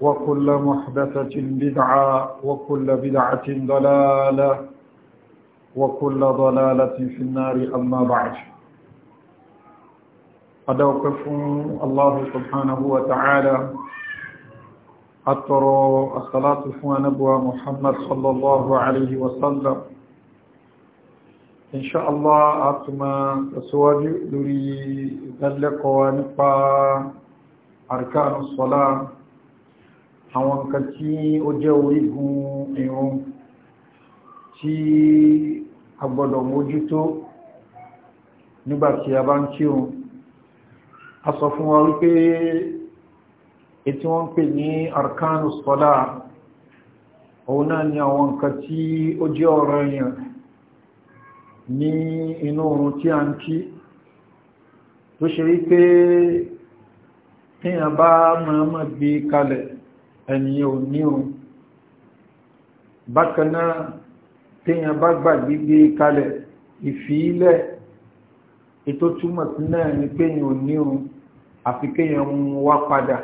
وكل محدثة بدعة وكل بدعة ضلالة وكل ضلالة في النار أما بعد أدوكف الله سبحانه وتعالى أطروا الصلاة نبوة محمد صلى الله عليه وسلم إن شاء الله أتما سواجه لري ذلك ونقى أركان الصلاة àwọn nǹkan tí ó jẹ́ orígun irun tí a gbọ́dọ̀ mójútó nígbàtí a bá ń kírun a sọ fún wa wípé ètí wọ́n ń pè ní arkanu sọ́lá òun náà ni àwọn nǹkan tí ó jẹ́ ọ̀rọ̀ èèyàn ní inú oorun tí a ń kí tó ṣe wípé tíyàn bá mọ̀ọ́mọ̀ gbé kalẹ̀ ẹni ò nírun bákanáà téèyàn bá gbàgbé gbé kalẹ̀ ìfìílẹ̀ ètò túmọ̀ sí náà ni kéèyàn ò nírun àfi kéèyàn ń wá padà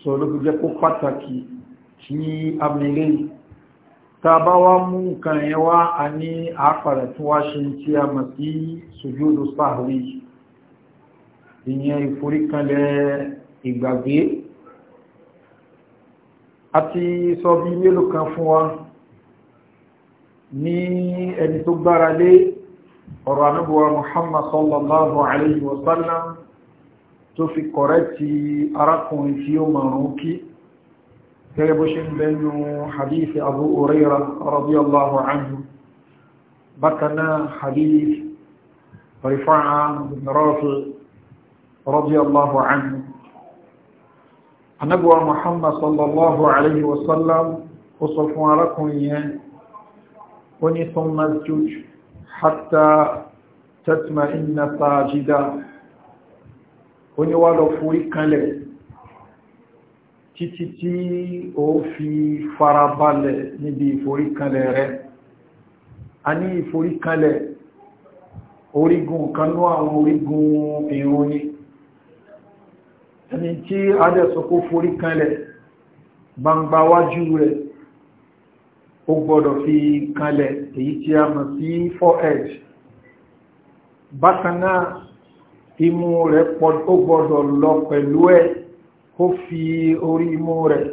sọ̀rọ̀ ló fi jẹ́ kó pàtàkì tí amílẹ̀ tá a bá wá mú nǹkan yẹn wá a ní àápàdà tí wá ṣe tí a mọ̀ sí sùjúdù sahwi ìyẹn ìforíkanlẹ̀ ìgbàgbé àti sọ bí mélòó kan fún wa ní ẹni tó gbára lé ọ̀rọ̀ anábúwa muhammad sallallahu alayhi wa sallam tó fi kọ̀rẹ́tì arákùnrin tí ó mọ̀rún kí gẹ́gẹ́ bó ṣe ń bẹnu hadithi abu uraira radiyallahu anhu bákaná hadith rifa'a rafi radiyallahu anhu anábíwá muhammad sallallahu alayhi wa sallam ó sọ fún arákùnrin yẹn ó ní thumma isjud hatta tatma'inna sajida ó ní wá lọ forí kanlẹ̀ títí tí ó fi farabalẹ̀ níbi ìforí kanlẹ̀ a ní ìforí orígun kanú àwọn orígun ìrun ẹni tí adẹ́sọkó forí kanlẹ̀ gbangba wájú rẹ̀ ó gbọ́dọ̀ fi kanlẹ̀ èyí tí a mọ̀ sí 4h bákanáà imú rẹ̀ ó gbọ́dọ̀ lọ pẹ̀lú ẹ̀ kó fi orí imú rẹ̀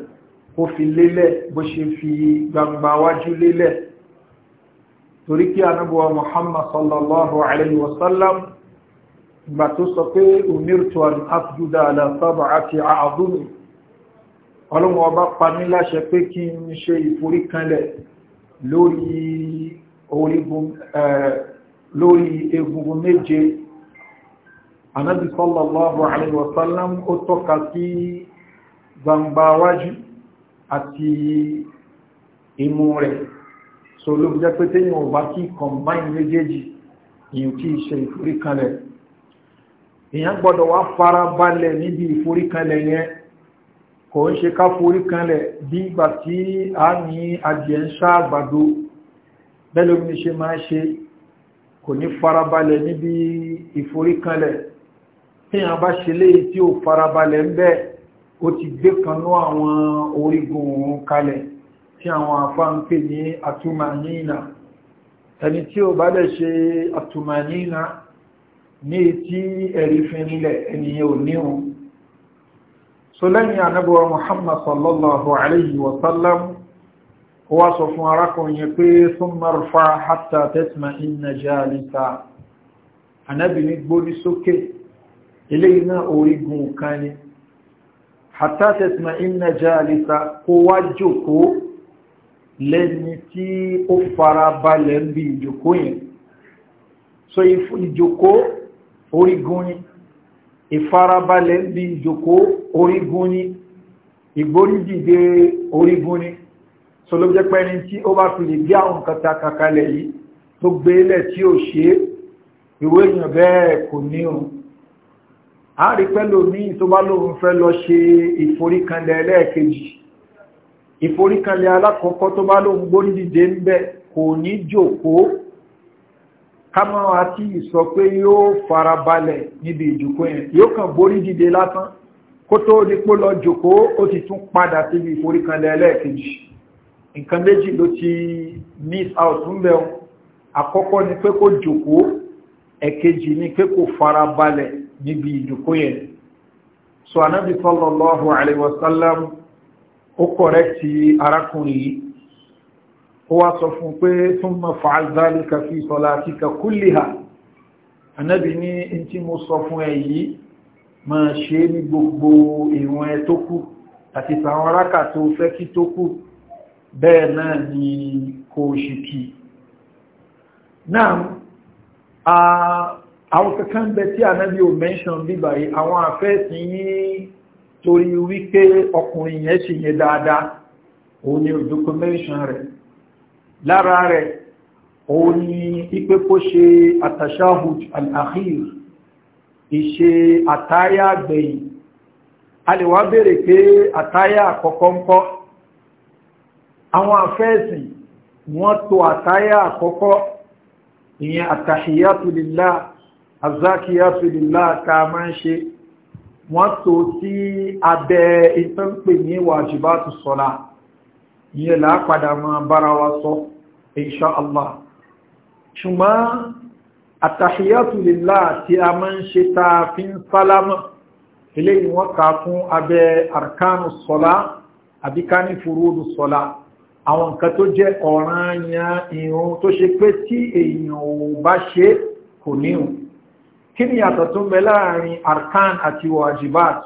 kó fi lélẹ̀ bó ṣe fi gbangba wájú lélẹ̀ torí kí anábọ̀wà Muhammad sallallahu alaihi wasallam ìgbà tó sọ pé umirtu an afjuda ala sab'ati a'dhumi ọlọ́run ọba pa mí láṣẹ pé kí n ṣe ìforíkanlẹ̀ lórí orígun eh, lórí egungun méje anábi sallallahu alaihi wasallam ó tọ́ka sí gbangba wájú àti imú rẹ̀ so ló jẹ́ pé tí yíò kí combine méjèèjì yíò tí ṣe ìforíkanlẹ̀ èèyàn gbọ́dọ̀ wá fara balẹ̀ níbi ìforíkanlẹ̀ yẹn kò ń ṣe ká foríkanlẹ̀ bí ìgbà tí a ní adìẹ ń ṣá àgbàdo bẹ́lẹ̀ omi ṣe máa ṣe kò ní fara balẹ̀ níbi ìforíkanlẹ̀ téèyàn bá ṣe léyìí tí ò fara balẹ̀ ń bẹ́ẹ̀ ó ti gbé kanú àwọn orígun òun kalẹ̀ tí àwọn afá ń pè ní àtúmàníìnà ẹni tí ò bá lè ṣe àtúmàníìnà ní etí ẹ̀rí fi nílẹ̀ ènìyàn ò níhun so lẹ́yìn anábọ̀wà muhammad sallallahu alayhi wa sallam ó wá sọ fún arákùnrin pé thumma irfa hatta tatma'inna jalisa anábì ní gbórí sókè eléyìí náà orígun kan ni hatta tatma'inna jalisa kó wá jókòó lẹ́ni tí ó fara balẹ̀ ń bí ìjókòó yẹn so ìjókòó orígun ni ìfarabalẹ̀ bí ìjòkó orígun ni ìgbóríjìde orígun ni so ló jẹ́ pé ẹni tí ó bá fi lè gbé àwọn kàtà kàkalẹ̀ yìí tó gbé e lẹ̀ tí ó ṣe ìwé èèyàn bẹ́ẹ̀ kò ní òun a rí pẹ́lú ní tó bá lóun fẹ́ lọ ṣe ìforíkanlẹ̀ ẹlẹ́ẹ̀kejì ìforíkanlẹ̀ alákọ̀ọ́kọ́ tó bá lóun gbóríjìde ń bẹ kò ní jòkó Kama àti ìsọ pé yóò farabalẹ̀ níbi ìjòkó yẹn yóò kàn borí dìde lásán kó tó dípò lọ jòkó ó ti tún padà síbi ìforíkanlẹ̀ ẹlẹ́ẹ̀kejì nǹkan méjì ló ti miss out ń bẹ̀ àkọ́kọ́ ni pé kó jòkó ẹ̀kejì ni pé kó farabalẹ̀ níbi ìjòkó yẹn so anabi sallallahu alayhi wa sallam ó kọ̀rẹ́ ti arákùnrin yìí ó sọ fún pé thumma fa'al dhalika fi salatika kulliha anábì ní in tí mo sọ fún ẹ yìí ma ṣe ní gbogbo ìwọ̀n ẹ tó kù àti tàwọn rákà tó fẹ́ kí tó kù bẹ́ẹ̀ náà ni kò ṣìkì náà àwọn kankan bẹ tí anábì o mention bíbà yìí àwọn àfẹ́ẹ̀sì ní torí wípé ọkùnrin yẹn ṣe yẹn dáadáa òun ni ò documentation rẹ̀ lára rẹ̀ òun ni ipé kó ṣe àtàṣáhùd al-akhir ìṣe àtáyà gbẹ̀yìn a lè wá bèèrè pé àtáyà àkọ́kọ́ ń kọ́ àwọn afẹ́ẹ̀sì wọ́n tó àtáyà àkọ́kọ́ ìyẹn àtàṣíyàtù lìlá àzákíyàtù lìlá ta máa ń ṣe wọ́n tó sí abẹ́ ìtànpè ní wàjúbátù sọ́lá ìyẹn làápadà máa bára wa sọ́ọ́ insha Allah ṣùgbọ́n àtàhíyàtù lillah tí a máa ń ṣe ta fi ń sálámà ilé ìwọ̀n ká fún abẹ́ arkanu sọ́lá àbíká ní furudu sọ́lá àwọn nǹkan tó jẹ́ ọ̀ràn yan ìrun tó ṣe pé tí èèyàn ò bá ṣe kò níhùn kí ni yàtọ̀ tó ń bẹ láàrin arkan àti wajibat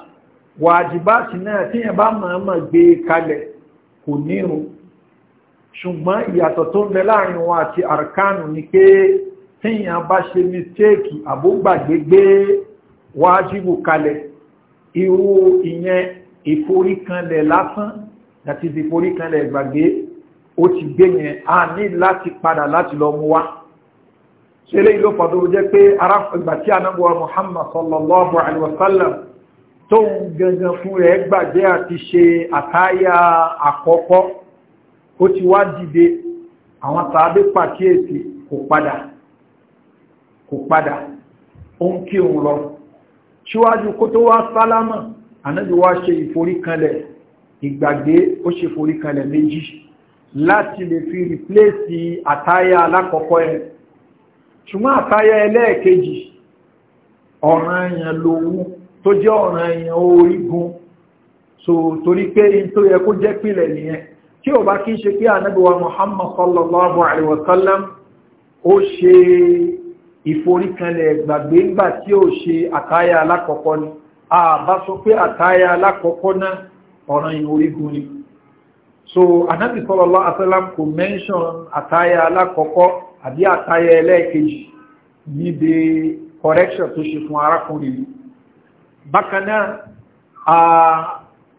wajibat náà tí yẹn bá mọ̀ọ́mọ̀ gbé kalẹ̀ kò níhùn ṣùgbọ́n ìyàtọ̀ tó ń bẹ láàrin wọn àti arkanu ni pé tíyàn bá ṣe mistéèkì àbúgbàgbégbé wájíbù kalẹ̀ irú ìyẹn ìforíkanlẹ̀ lásán àti ìforíkanlẹ̀ ìgbàgbé ó ti gbé yẹn a ní láti padà láti lọ mú wá ṣeré ìlú pàtó jẹ́ pé ìgbà tí anábọ̀wà muhammad sallallahu alaihi wasallam tó ń gangan fún rẹ̀ gbàgbé àti ṣe àtáyà àkọ́kọ́ ó ti wá dìde àwọn tàbí pàkíyèsí kò padà kò padà ó ń kí òun lọ ṣíwájú kó tó wá sálámà ànábì wá ṣe ìforíkanlẹ̀ ìgbàgbé ó ṣe ìforíkanlẹ̀ méjì láti lè fi rìpléèsì àtáyà alákọ̀ọ́kọ́ ẹ̀ ṣùgbọ́n àtáyà ẹlẹ́ẹ̀kejì ọ̀ràn èèyàn lòun tó jẹ́ ọ̀ràn èèyàn orígun so torí pé in tó yẹ kó jẹ́ pìlẹ̀ nìyẹn tí ó bá kí ṣe pé ànábíwa muhammad sallallahu alaihi wasallam ó ṣe ìforíkanlẹ̀ gbàgbé ńgbà tí ó ṣe àtáyà alákọ̀ọ́kọ́ ni a bá sọ pé àtáyà alákọ̀ọ́kọ́ náà ọ̀ràn ìhòrígun ni so ànábí sallallahu alaihi wasallam kò mention àtáyà alákọ̀ọ́kọ́ àbí àtáyà ẹlẹ́ẹ̀kejì níbi correction tó ṣe fún arákùnrin yìí bákan náà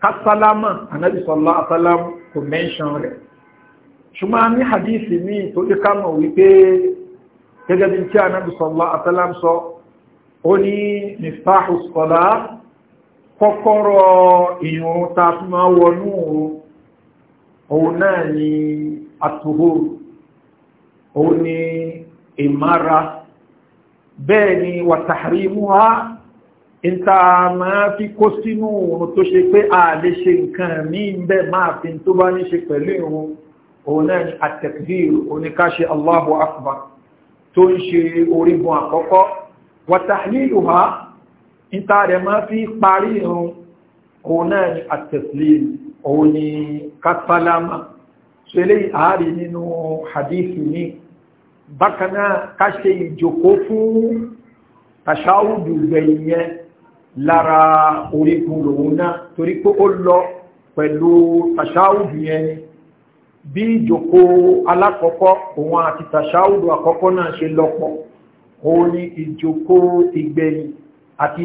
kásálámà ànábí sallallahu alaihi kò mẹ́ṣàn rẹ̀ ṣùgbọ́n a ní hadithi ní ìtòjú kámọ̀ wípé gẹ́gẹ́ bí tí anábì sallallahu alaihi wasallam sọ ó ní miftahu sọ́lá kọ́kọ́rọ̀ ìrùn ta fi máa wọnú òun náà ni atuhur òun ni ìmára bẹ́ẹ̀ ni wàtàrímúhá ìta máa fi kó sínú ohun tó ṣe pé a lè ṣe nǹkan ní ìbẹ̀ máa fi tó bá ní ṣe pẹ̀lú ìrun òun náà ni àtẹ̀kìdìr oníkáṣe Allahu Akbar tó ń ṣe orígun àkọ́kọ́ wàtàlílùhá ìta rẹ̀ máa fi parí ìrun òun náà ni àtẹ̀kìdìr òun ni kásálámà ṣẹlẹ̀ ààrí nínú hadithi ní bákanáà káṣe ìjòkó fún tàṣáwùdù gbẹ̀yìn yẹn lára orígun lòun náà torí pé ó lọ pẹ̀lú tàṣáwùdù yẹn bí ìjòkó alákọ̀ọ́kọ́ òun àti tàṣáwùdù àkọ́kọ́ náà ṣe lọ́pọ̀ òun ni ìjòkó ìgbẹ̀yìn àti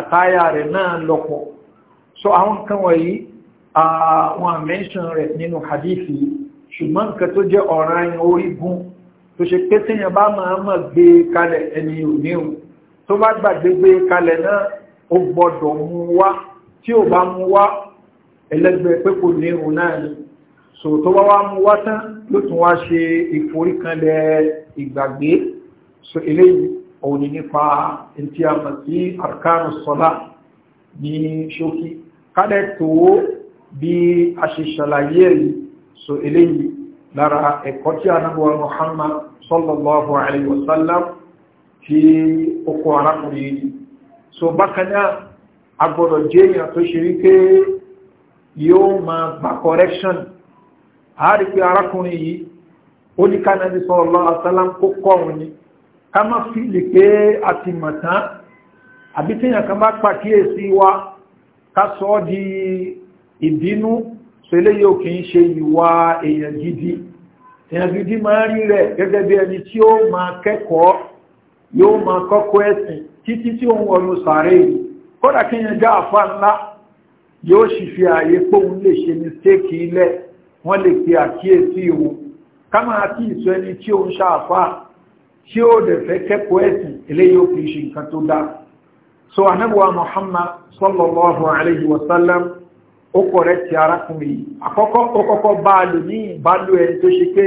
àtáyà rẹ̀ náà lọ́pọ̀ so àwọn nǹkan wọ̀nyí àwọn àmẹ́ṣàn rẹ̀ nínú hadithi ṣùgbọ́n nǹkan tó jẹ́ ọ̀ràn ẹ̀yìn orígun tó ṣe pé tíyàn bá máa mọ̀ gbé kalẹ̀ ẹni òníhùn tó bá gbàgbé gbé kalẹ̀ náà ó gbọ́dọ̀ mú wá tí ò bá mú wá ẹlẹ́gbẹ́ pé kò ní irun náà ni so tó bá wá mú wá tán ló tún wá ṣe ìforíkanlẹ̀ ìgbàgbé so eléyìí òun ni nípa ntí a mọ̀ sí arkanu sọlá ní ṣókí kálẹ̀ tó bí a ṣe ṣàlàyé rí so eléyìí lára ẹ̀kọ́ tí a náwó muhammad sallallahu alaihi wasallam tí ó kó arákùnrin yìí so bákanáà agbọ́dọ̀ jẹ́ èèyàn tó ṣe wípé yóò máa gba correction àárí pé arákùnrin yìí ó ní kánàbí sọ́ọ̀lọ́ asálám kó kọ́rùn ni ká má fi lè pé a ti mọ̀ tán àbí tíyàn kan bá pàkíyèsí wa ká sọ ọ́ di ìbínú sẹlẹ̀ yóò kì í ṣe ìwà èèyàn gidi èèyàn gidi máa rí rẹ̀ gẹ́gẹ́ bí ẹni tí ó máa kẹ́kọ̀ọ́ yóò máa kọ́kọ́ ẹ̀sìn títí tí òun wọnú sàárè kódà kí yẹn já àfá ńlá yóò sì fi ààyè póun lè ṣe mistake ilẹ̀ wọ́n lè pe àkíyèsí ìwò kámà àti ìsọ ẹni tí òun ṣàfá tí ó dẹ̀ fẹ́ kẹ́kọ̀ọ́ ẹ̀sìn eléyìí ó fi ṣe nǹkan tó dáa so anabuwa muhammad sallallahu alayhi wa sallam ó kọ̀rẹ́ ti arákùnrin yìí àkọ́kọ́ ó kọ́kọ́ bá a lò ní ìbálò ẹni tó ṣe pé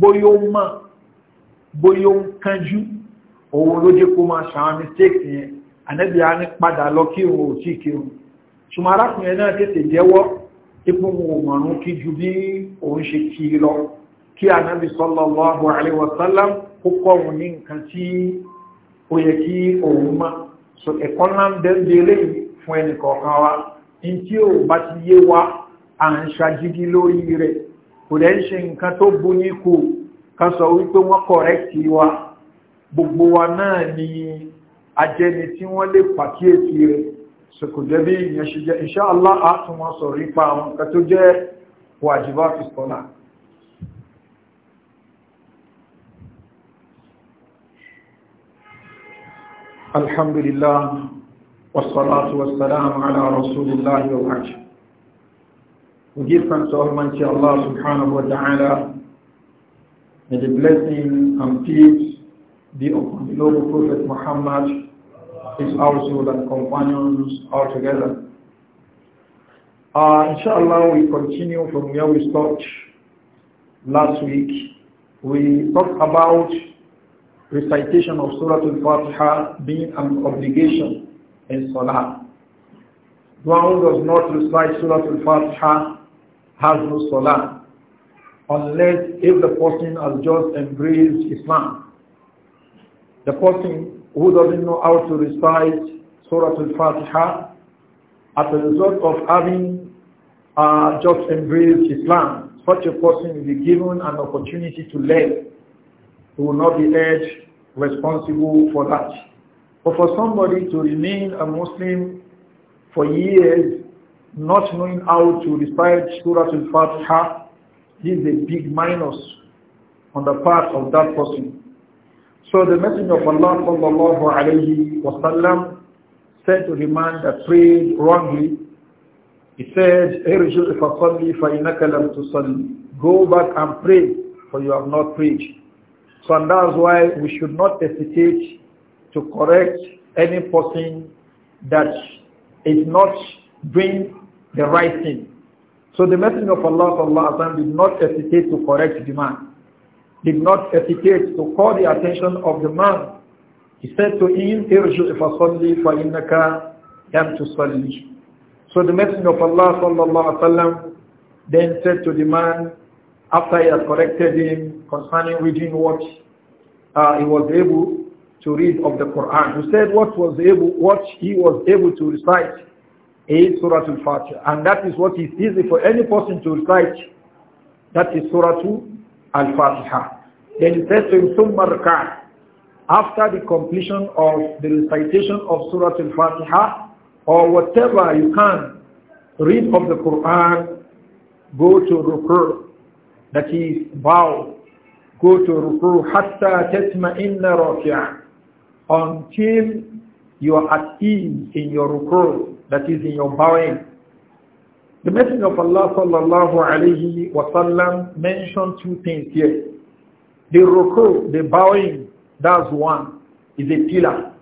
bóyó ń mọ̀ bóyó ń kánjú òun ló jẹ́ kó máa ṣàwọn mistake yẹn ànẹ́bí a ní padà lọ kí òun ò tí kí òun ṣùgbọ́n arákùnrin náà tètè jẹ́wọ́ ipò òun ò mọ̀rún kí ju bí òun ṣe kí lọ kí ànẹ́bí sallallahu alaihi wasallam kó kọ́ òun ní nǹkan tí ó yẹ kí òun mọ̀ so ẹ̀kọ́ náà ń dẹ́ndé léyìí fún ẹnì kọ̀ọ̀kan wa ní tí ò bá ti yé wa à ń ṣagídí lórí rẹ̀ kò dẹ́ ń ṣe nǹkan tó bu ká sọ wípé wọ́n kọ̀rẹ́kì wa gbogbo wa náà ni ajẹni tí wọ́n lè pàkíyèsí rẹ̀ sọkòjẹ́ bí ìyẹn ṣe jẹ́ insha Allah àtúnwọ́n sọ̀rọ̀ nípa àwọn nǹkan tó jẹ́ wàjìbá fi sọ́lá the blessing and peace the noble Prophet Muhammad, his household and companions altogether. Uh, inshallah, we continue from where we stopped last week. We talked about recitation of Surah Al-Fatiha being an obligation in Salah. One who does not recite Surah Al-Fatiha has no Salah, unless if the person has just embraced Islam. The person who doesn't know how to recite Surah Al-Fatiha as a result of having uh, just embraced Islam, such a person will be given an opportunity to learn. He will not be held responsible for that. But for somebody to remain a Muslim for years, not knowing how to recite Surah Al-Fatiha, this is a big minus on the part of that person. So the Messenger of Allah sallallahu alayhi wasallam said to the man that prayed wrongly, he said, Irju fasalli فَإِنَّكَ لَمْ تُصَلِّ Go back and pray, for you have not prayed. So and that's why we should not hesitate to correct any person that is not doing the right thing. So the Messenger of Allah sallallahu alayhi wa sallam did not hesitate to correct the man did not hesitate to call the attention of the man. He said to him, Irju fasalli fa innaka lam tusalli. So the Messenger of Allah sallallahu alaihi then said to the man, after he had corrected him concerning reading what uh, he was able to read of the Quran, he said what was able, what he was able to recite is Surah Al-Fatiha, and that is what is easy for any person to recite. That is Surah Al-Fatiha. Then he says to him, After the completion of the recitation of Surah Al-Fatiha, or whatever you can read of the Quran, go to rukur, that is bow. Go to rukur, حَتَّى inna رَكِعًا Until you are at ease in your rukur, that is in your bowing. The Messenger of Allah sallallahu alayhi wa sallam mentioned two things here. The ruku, the bowing, that's one, is a pillar.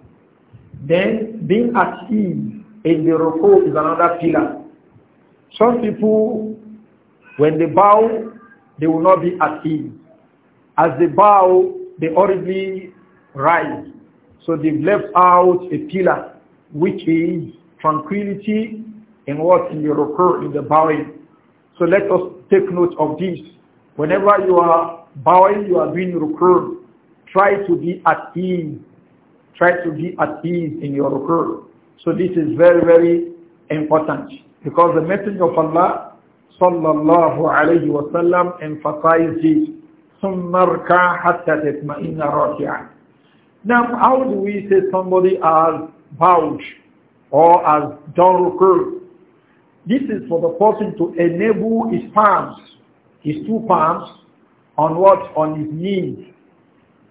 Then being at ease in the ruku is another pillar. Some people, when they bow, they will not be at ease. As they bow, they already rise. So they've left out a pillar, which is tranquility and what in your in the bowing. So let us take note of this. Whenever you are bowing, you are doing ruku, try to be at ease. Try to be at ease in your ruku. So this is very, very important because the Messenger of Allah sallallahu alayhi wa sallam emphasized this. ثم اركع حتى تطمئن راكعا now, how do we say somebody has bowed or has done rukur? This is for the person to enable his palms, his two palms, on what? On his knees.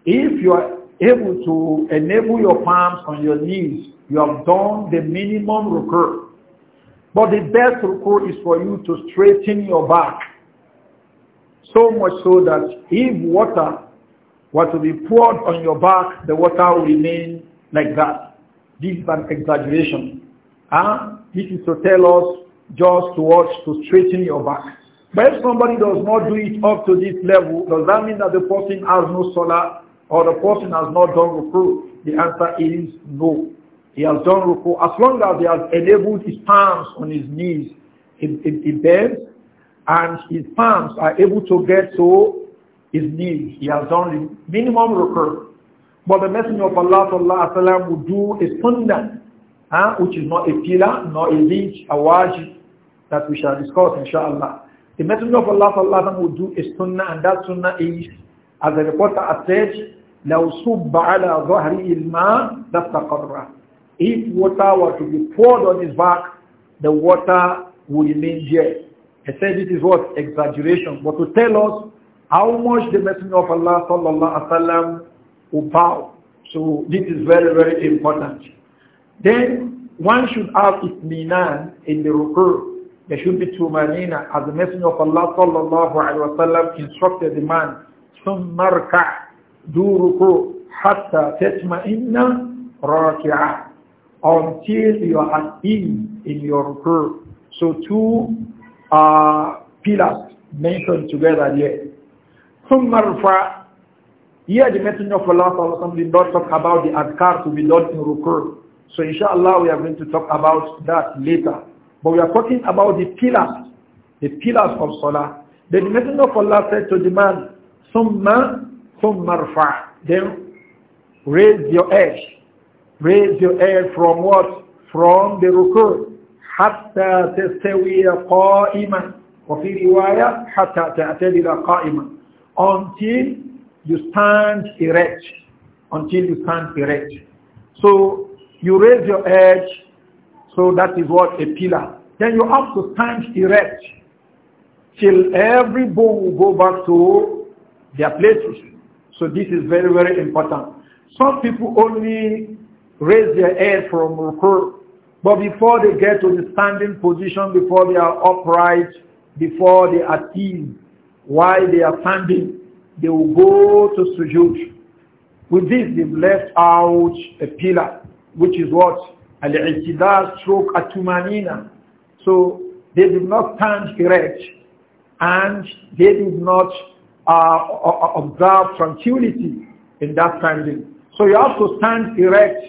If you are able to enable your palms on your knees, you have done the minimum rukur. But the best rukur is for you to straighten your back. So much so that if water were to be poured on your back, the water will remain like that. This is an exaggeration. Huh? Ah, this is to tell us just to watch to straighten your back. But if somebody does not do it up to this level, does that mean that the person has no salah or the person has not done ruku? The answer is no. He has done ruku. As long as he has enabled his palms on his knees, he, he, bed, bends, and his palms are able to get to his knees. He has done the minimum ruku. But the Messenger of Allah would do a sunnah huh, which is not a pillar, nor a ridge, a wajib, that we shall discuss inshallah. The Messenger of Allah sallallahu will do a sunnah and that sunnah is, as the reporter has said, لَوْ صُبَّ عَلَى ظَهْرِ الْمَاءِ لَفْتَقَرَّ If water were to be poured on his back, the water would remain there. He said this is what? Exaggeration. But to tell us how much the Messenger of Allah sallallahu alaihi wasallam will bow. So this is very, very important. Then one should have itminan in the ruku. There should be tumanina as the Messenger of Allah sallallahu alayhi wa sallam instructed the man, ثُمَّ رْكَعْ do ruku hatta inna raki'a until you are at ease in your ruku. So two uh, pillars mentioned together here. Thumma rfa. Here the Messenger of Allah did not talk about the adkar to be done in ruku. So inshallah we are going to talk about that later. But we are talking about the pillars, the pillars of Salah. the Messenger of Allah said to the man, Summa, summa Then raise your head. Raise your head from what? From the ruku, Hatta tastawiya qa'iman. وفي رواية حتى تعتدل قائما until you stand erect until you stand erect so you raise your edge, so that is what a pillar. Then you have to stand erect till every bone will go back to their places. So this is very, very important. Some people only raise their head from rukur, but before they get to the standing position, before they are upright, before they are teased, while they are standing, they will go to sujud. With this, they've left out a pillar which is what? Al-i'tidal stroke atumanina. So they did not stand erect and they did not uh, uh, observe tranquility in that standing. So you have to stand erect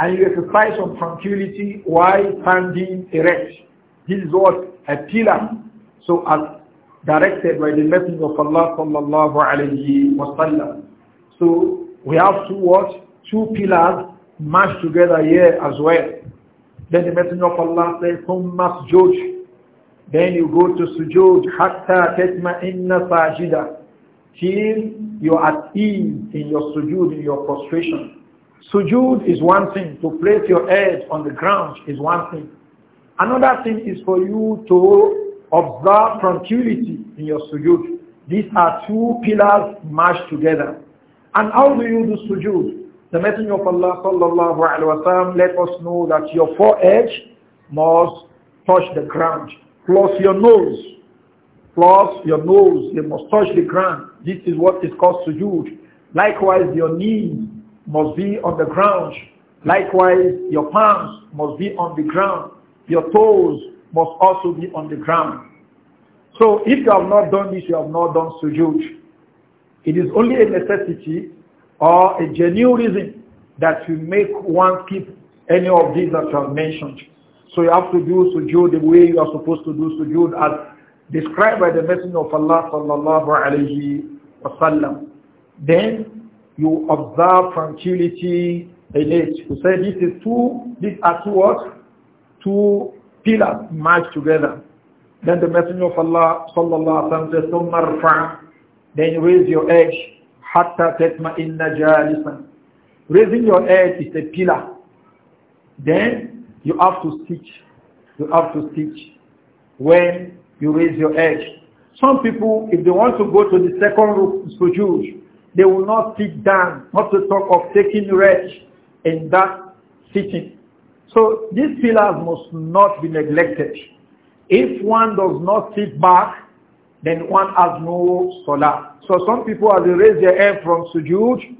and you exercise some tranquility while standing erect. This is what a pillar. So as directed by the Messenger of Allah sallallahu alayhi wa sallam. So we have two what? Two pillars Mash together here as well. Then the Messenger of Allah says, Hummas Joj. Then you go to sujood, hatta tetma inna sajida. Till you are at ease in your sujood, in your prostration. Sujood is one thing. To place your head on the ground is one thing. Another thing is for you to observe tranquility in your sujood. These are two pillars mashed together. And how do you do sujood? The Messenger of Allah sallallahu wa wasallam let us know that your forehead must touch the ground, plus your nose, plus your nose, they must touch the ground. This is what is called sujood. Likewise, your knees must be on the ground. Likewise, your palms must be on the ground. Your toes must also be on the ground. So if you have not done this, you have not done sujood. It is only a necessity or a genuine reason that will make one keep any of these that you have mentioned. So you have to do sujood the way you are supposed to do sujood as described by the Messenger of Allah sallallahu alayhi wasallam. Then you observe tranquility in it. You say this is two, these are two what? Two pillars merged together. Then the Messenger of Allah sallallahu alayhi wa sallam says, Then raise your edge Hatta tatma'inna jalisan. Raising your head is a pillar. Then you have to stitch. You have to stitch when you raise your head. Some people, if they want to go to the second sujood, they will not sit down, not to talk of taking rest in that sitting. So these pillars must not be neglected. If one does not sit back, then one has no salah. So some people as they raise their hand from sujood,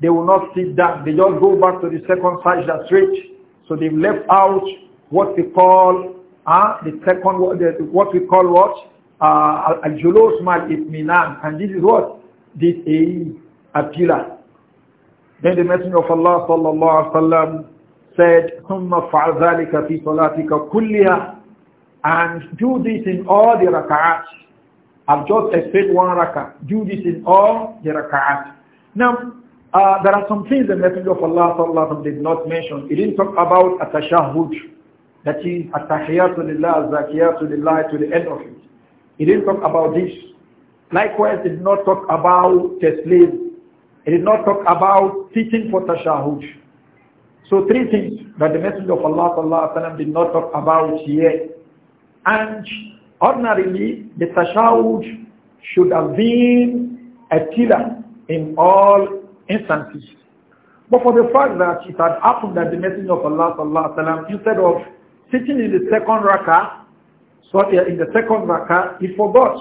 they will not sit down. They just go back to the second sajda straight. So they've left out what we call uh, the second the, what we call what ah, al julos mal itminan, and this is what this is a pillar. Then the Messenger of Allah sallallahu alaihi wasallam said, ثم فعل ذلك في صلاتك كلها, and do this in all the rakaats." I've just said one rakah. Do this in all the rak'ahs. Now, uh, there are some things the Messenger of Allah sallallahu did not mention. He didn't talk about atashahud, that is lillah, lillah, to the end of it. He didn't talk about this. Likewise, he did not talk about taslim. He did not talk about sitting for tashahhud. So three things that the Messenger of Allah sallallahu did not talk about yet, And Ordinarily, the tashahud should have been a killer in all instances. But for the fact that it had happened that the Messenger of Allah sallallahu instead of sitting in the second rakah, so in the second rakah, he forgot.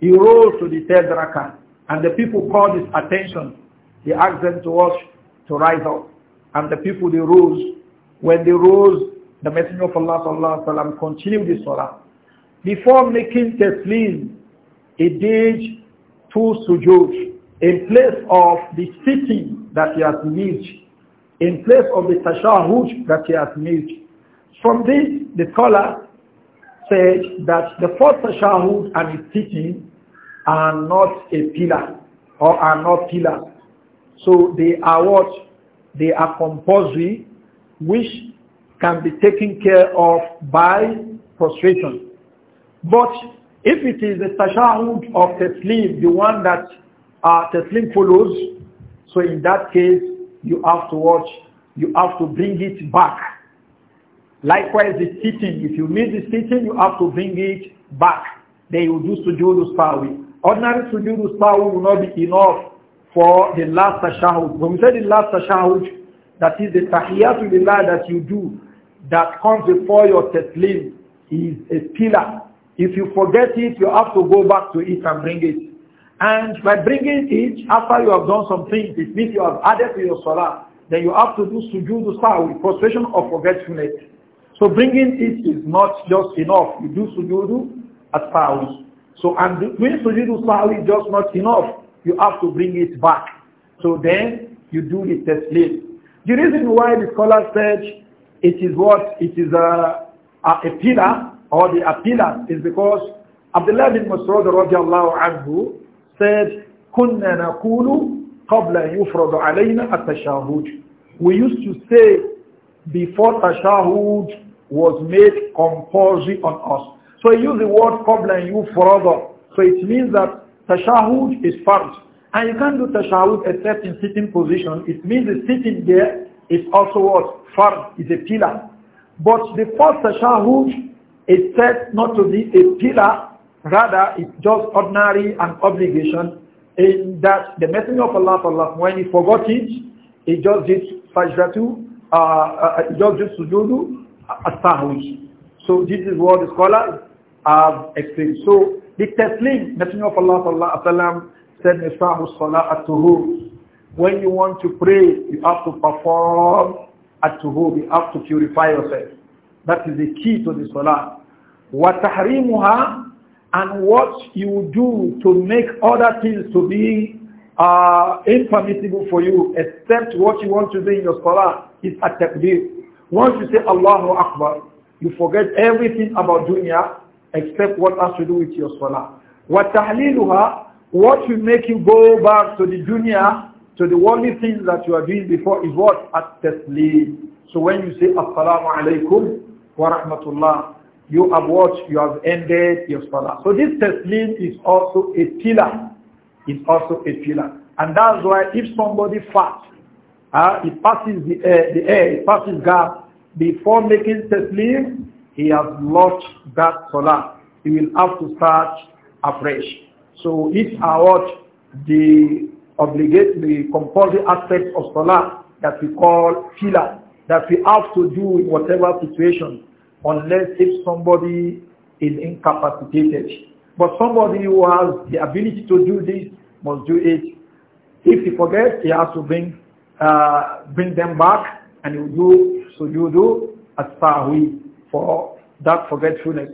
He rose to the third rakah, and the people called his attention. He asked them to watch, to rise up, and the people they rose. When they rose, the Messenger of Allah sallallahu continued the salah before making taslim, he did two sujood in place of the sitting that he has made, in place of the tashahud that he has made. From this, the scholar said that the first tashahud and its sitting are not a pillar or are not pillars. So they are what? They are compulsory, which can be taken care of by prostration. But if it is the tashahud of taslim, the one that uh, taslim follows, so in that case, you have to watch, you have to bring it back. Likewise, the sitting, if you miss the sitting, you have to bring it back. Then you do sujood uspawi. Ordinary sujood uspawi will not be enough for the last tashahud. When we say the last tashahud, that is the tahiyatul lillah that you do, that comes before your taslim, is a pillar If you forget it, you have to go back to it and bring it. And by bringing it, after you have done some things, it means you have added to your salah, then you have to do sujood with frustration or forgetfulness. So bringing it is not just enough. You do sujood at sahwi. So and doing sujood sahwi is just not enough. You have to bring it back. So then you do it the late. The reason why the scholar said it is what? It is a, a, a pillar or the appealant is because Abdullah bin Mas'ud radiallahu anhu said, كنا نقول قبل يفرض علينا التشهد. We used to say before tashahud was made compulsory on us. So I use the word قبل يفرض. So it means that tashahud is first. And you can't do tashahud except in sitting position. It means the sitting there is also what? Fard is a pillar. But the first tashahud it's said not to be a pillar, rather it's just ordinary and obligation in that the Messenger of Allah, Allah when he forgot it, he just did fajratu, uh, uh, he just did sujudu, uh, astahwi. So this is what the scholars have explained. So the taslim, Messenger of Allah, Allah sallam, said, Nisahu sala'atuhu. When you want to pray, you have to perform at-tuhur, you have to purify yourself. That is the key to the salah. وَتَحْرِيمُهَا And what you do to make other things to be uh, impermissible for you, except what you want to do in your salah is at takbir. Once you say Allahu Akbar, you forget everything about dunya except what has to do with your salah. وَتَحْلِيلُهَا What will make you go back to the dunya, to the worldly things that you are doing before is what? At-taslim. So when you say Assalamu alaikum, wa rahmatullah. You have watched, you have ended your salah. So this taslim is also a pillar. Is also a pillar. And that's why if somebody fasts, uh, he passes the air, uh, the air, he passes gas, before making taslim, he has lost that salah. He will have to start afresh. So it's about the obligate, the compulsory aspect of salah that we call pillar that we have to do in whatever situation unless if somebody is incapacitated. But somebody who has the ability to do this must do it. If he forgets, he has to bring uh, bring them back and you do so you do as far we for that forgetfulness.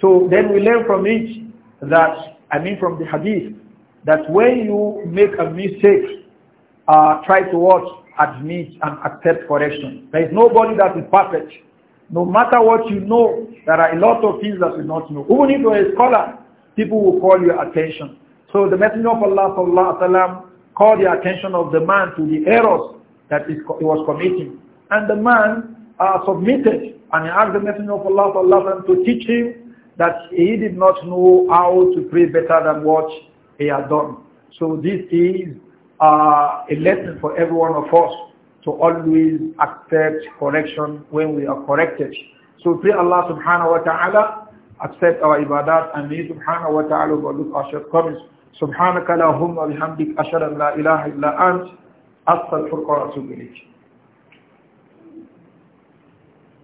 So then we learn from it that I mean from the hadith that when you make a mistake, uh, try to watch admit and accept correction. There is nobody that is perfect. No matter what you know, there are a lot of things that you not know. Even if you are a scholar, people will call your attention. So the Messenger of Allah sallallahu alaihi called the attention of the man to the errors that he was committing. And the man uh, submitted and he asked the Messenger of Allah sallallahu to teach him that he did not know how to pray better than what he had done. So this is uh, a lesson for every one of us to always accept correction when we are corrected. So pray Allah subhanahu wa ta'ala accept our ibadat and may subhanahu wa ta'ala overlook our shortcomings. سبحانك اللهم وبحمدك أشهد أن ilaha illa ant أنت أستغفرك وأتوب إليك